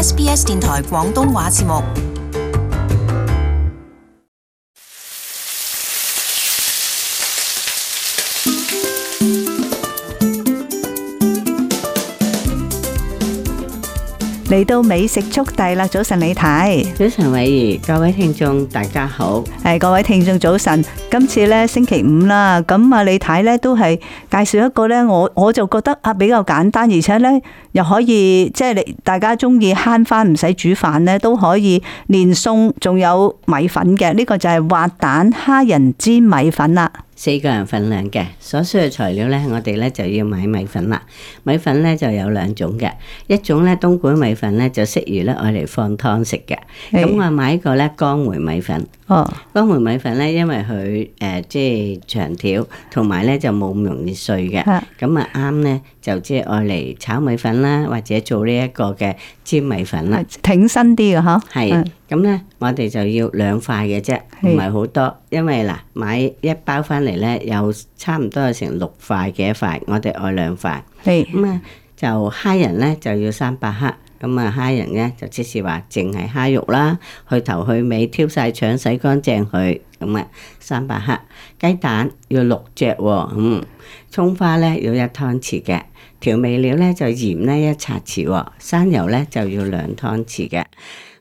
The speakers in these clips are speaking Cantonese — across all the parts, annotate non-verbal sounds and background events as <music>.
SBS 電台廣東話節目。嚟到美食速遞啦！早晨，李太。早晨，偉兒，各位聽眾大家好、哎。各位聽眾早晨，今次星期五啦，咁啊，李太都係介紹一個咧，我就覺得比較簡單，而且咧又可以即係大家中意慳翻唔使煮飯咧都可以連，連餸。仲有米粉嘅，呢、呢個就係滑蛋蝦仁煎米粉啦。四個人份量嘅所需嘅材料咧，我哋咧就要買米粉啦。米粉咧就有兩種嘅，一種咧東莞米粉咧就適宜咧愛嚟放湯食嘅。咁啊我買一個咧江梅米粉。哦，江梅米粉咧，因為佢誒、呃、即係長條，同埋咧就冇咁容易碎嘅。咁啊啱咧。就即係愛嚟炒米粉啦，或者做呢一個嘅煎米粉啦，挺身啲嘅嗬。係咁咧，我哋就要兩塊嘅啫，唔係好多。是因為嗱，買一包翻嚟咧，又差唔多有成六塊嘅一塊，我哋愛兩塊。咁啊是，就蝦仁咧就要三百克。咁啊，蝦仁咧就即是話淨係蝦肉啦，去頭去尾，挑晒腸，洗乾淨佢。咁啊，三百克雞蛋要六隻，嗯，蔥花咧要一湯匙嘅，調味料咧就鹽咧一茶匙，生油咧就要兩湯匙嘅，咁、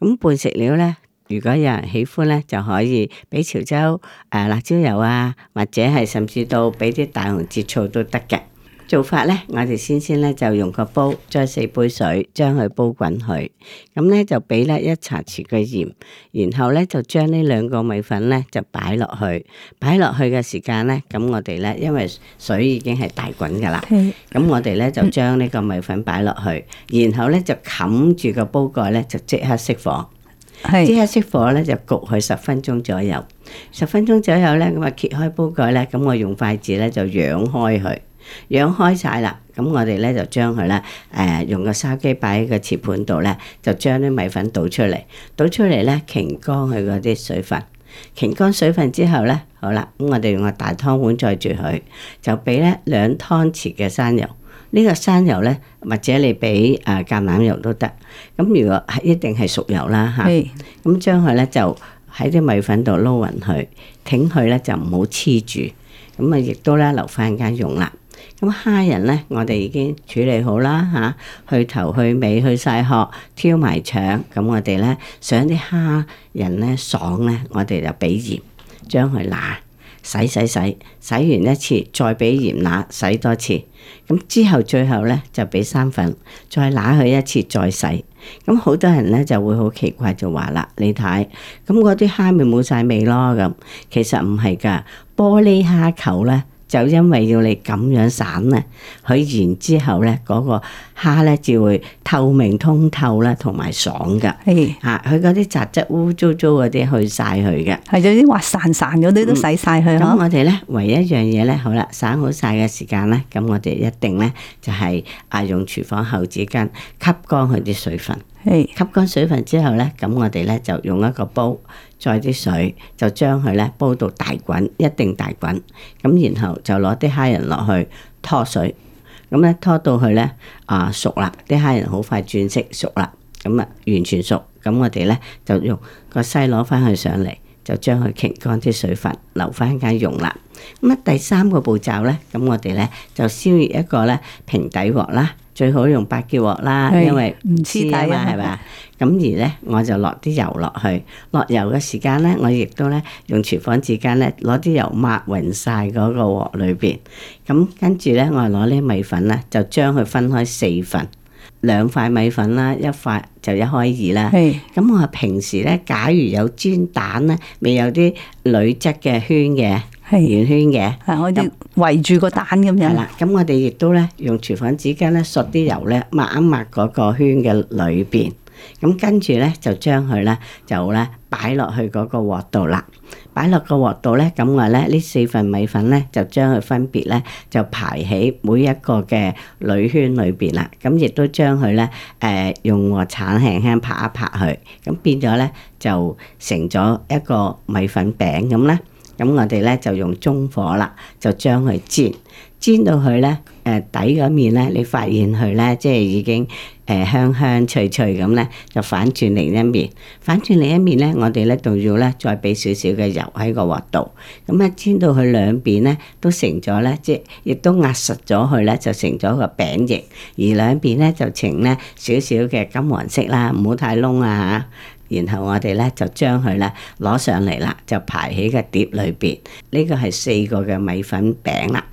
嗯、半食料咧，如果有人喜歡咧，就可以俾潮州誒、呃、辣椒油啊，或者係甚至到俾啲大紅浙醋都得嘅。做法呢，我哋先先呢，就用個煲，再四杯水將佢煲滾佢咁呢，就俾咧一茶匙嘅鹽，然後呢，就將呢兩個米粉呢，就擺落去。擺落去嘅時間呢，咁我哋呢，因為水已經係大滾噶啦，咁是我哋呢，就將呢個米粉擺落去，是然後呢，就冚住個煲蓋呢，就即刻熄火。即是刻熄火呢，就焗佢十分鐘左右。十分鐘左右呢，咁啊揭開煲蓋呢，咁我用筷子呢，就揚開佢。養開晒啦，咁我哋咧就將佢咧誒用個筲箕擺喺個切盤度咧，就將啲米粉倒出嚟，倒出嚟咧傾乾佢嗰啲水分，傾乾水分之後咧，好啦，咁我哋用個大湯碗載住佢，就俾咧兩湯匙嘅山油，呢個山油咧或者你俾誒橄欖油都得。咁如果係一定係熟油啦吓，咁是、啊、將佢咧就喺啲米粉度撈勻佢，挺佢咧就唔好黐住，咁啊亦都咧留翻間用啦。咁蝦仁咧，我哋已經處理好啦吓，啊，去頭去尾去晒殼，挑埋腸。咁我哋咧想啲蝦仁咧爽咧，我哋就俾鹽將佢揦，洗洗洗，洗，洗完一次再俾鹽揦，洗多次。咁之後最後咧就俾生粉，再揦佢一次再洗。咁好多人咧就會好奇怪就話啦，你睇，咁嗰啲蝦咪冇晒味咯咁。其實唔係噶，玻璃蝦球咧。就因為要你咁樣散咧，佢然之後咧，嗰個蝦咧至會透明通透啦，同埋爽噶。係啊，佢嗰啲雜質污糟糟嗰啲去晒佢嘅。係有啲滑潺潺嗰啲都洗晒佢。咁、嗯啊、我哋咧，唯一一樣嘢咧，好啦，散好晒嘅時間咧，咁我哋一定咧就係啊，用廚房後紙巾吸乾佢啲水分。吸乾水分之後咧，咁我哋咧就用一個煲，載啲水，就將佢咧煲到大滾，一定大滾。咁然後就攞啲蝦仁落去拖水，咁咧拖到佢咧啊熟啦，啲蝦仁好快轉色熟啦，咁、嗯、啊完全熟。咁我哋咧就用個篩攞翻佢上嚟，就將佢傾乾啲水分，留翻間用啦。咁、嗯、啊第三個步驟咧，咁我哋咧就燒熱一個咧平底鑊啦。最好用八件鑊啦，是因為唔黐底嘛，係咪？咁 <laughs> 而咧，我就落啲油落去。落油嘅時間咧，我亦都咧用廚房紙巾咧攞啲油抹匀晒嗰個鑊裏邊。咁、嗯、跟住咧，我係攞啲米粉咧，就將佢分開四份，兩塊米粉啦，一塊就一開二啦。係是。咁我話平時咧，假如有煎蛋咧，未有啲鋁質嘅圈嘅。係圓圈嘅，咁我哋圍住個蛋咁樣。係啦，咁我哋亦都咧用廚房紙巾咧，索啲油咧，抹一抹嗰個圈嘅裏邊。咁跟住咧，就將佢咧就咧擺落去嗰個鑊度啦。擺落個鑊度咧，咁我咧呢四份米粉咧，就將佢分別咧就排喺每一個嘅鋁圈裏邊啦。咁亦都將佢咧誒用鑊鏟輕輕拍一拍佢，咁變咗咧就成咗一個米粉餅咁咧。咁我哋咧就用中火啦，就將佢煎，煎到佢咧，誒、呃、底嗰面咧，你發現佢咧，即係已經誒、呃、香香脆脆咁咧，就反轉另一面，反轉另一面咧，我哋咧仲要咧再俾少少嘅油喺個鑊度，咁啊煎到佢兩邊咧都成咗咧，即係亦都壓實咗佢咧，就成咗個餅形，而兩邊咧就呈咧少少嘅金黃色啦，唔好太燶啊嚇。然後我哋呢就將佢咧攞上嚟啦，就排喺個碟裏邊。呢個係四個嘅米粉餅啦。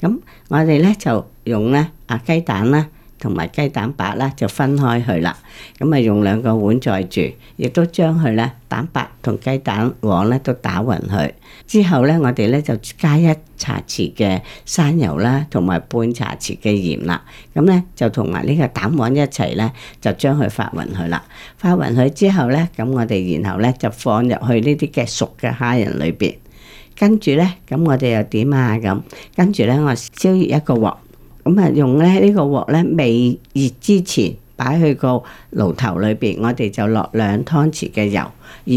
咁我哋呢就用呢啊雞蛋啦。同埋雞蛋白啦，就分開去啦。咁啊，用兩個碗載住，亦都將佢咧蛋白同雞蛋黃咧都打勻佢之後咧，我哋咧就加一茶匙嘅生油啦，同埋半茶匙嘅鹽啦。咁咧就同埋呢個蛋黃一齊咧，就將佢發勻佢啦。發勻佢之後咧，咁我哋然後咧就放入去呢啲嘅熟嘅蝦仁裏邊。跟住咧，咁我哋又點啊？咁跟住咧，我燒熱一個鑊。咁啊、嗯，用咧呢、這個鑊咧未熱之前，擺去個爐頭裏邊，我哋就落兩湯匙嘅油，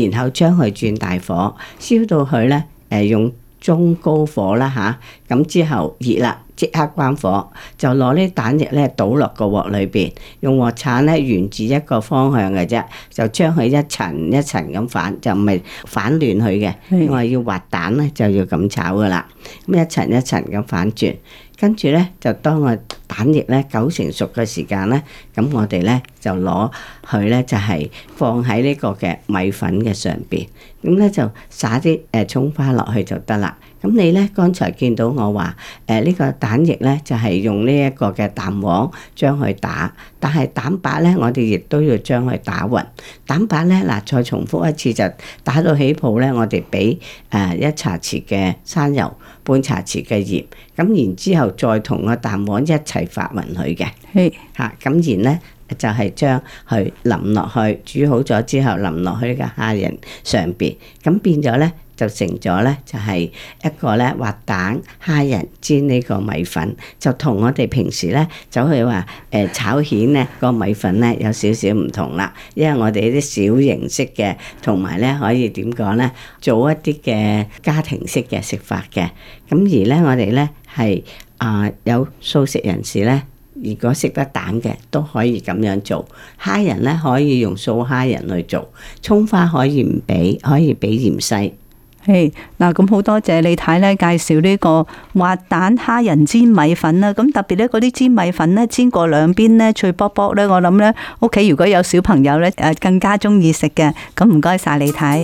然後將佢轉大火，燒到佢咧誒用中高火啦吓，咁、啊、之後熱啦，即刻關火，就攞啲蛋液咧倒落個鑊裏邊，用鑊鏟咧沿住一個方向嘅啫，就將佢一層一層咁反，就唔係反亂佢嘅。我話是要滑蛋咧就要咁炒噶啦，咁一層一層咁反轉。跟住咧，就當個蛋液咧九成熟嘅時間咧，咁我哋咧就攞佢咧就係、是、放喺呢個嘅米粉嘅上邊，咁咧就撒啲誒葱花落去就得啦。咁、嗯、你咧剛才見到我話誒呢個蛋液咧就係、是、用呢一個嘅蛋黃將佢打，但係蛋白咧我哋亦都要將佢打勻。蛋白咧嗱再重複一次就打到起泡咧，我哋俾誒一茶匙嘅生油，半茶匙嘅鹽，咁然之後。再同個蛋黃一齊發勻佢嘅，嚇咁 Hey,、啊、然咧就係、是、將佢淋落去煮好咗之後淋落去個蝦仁上邊，咁變咗咧就成咗咧就係、是、一個咧滑蛋蝦仁煎呢個米粉，就同我哋平時咧走去話誒、呃、炒蜆咧個米粉咧有少少唔同啦，因為我哋啲小型式嘅，同埋咧可以點講咧做一啲嘅家庭式嘅食法嘅，咁而咧我哋咧係。啊，uh, 有素食人士呢，如果食得蛋嘅，都可以咁樣做。蝦仁呢可以用素蝦仁去做。蔥花可以唔俾，可以俾芫茜。誒，嗱，咁好多謝李太呢介紹呢個滑蛋蝦仁煎米粉啦。咁特別呢嗰啲煎米粉呢，煎過兩邊呢脆卜卜呢。我諗呢屋企如果有小朋友呢，誒更加中意食嘅。咁唔該晒李太。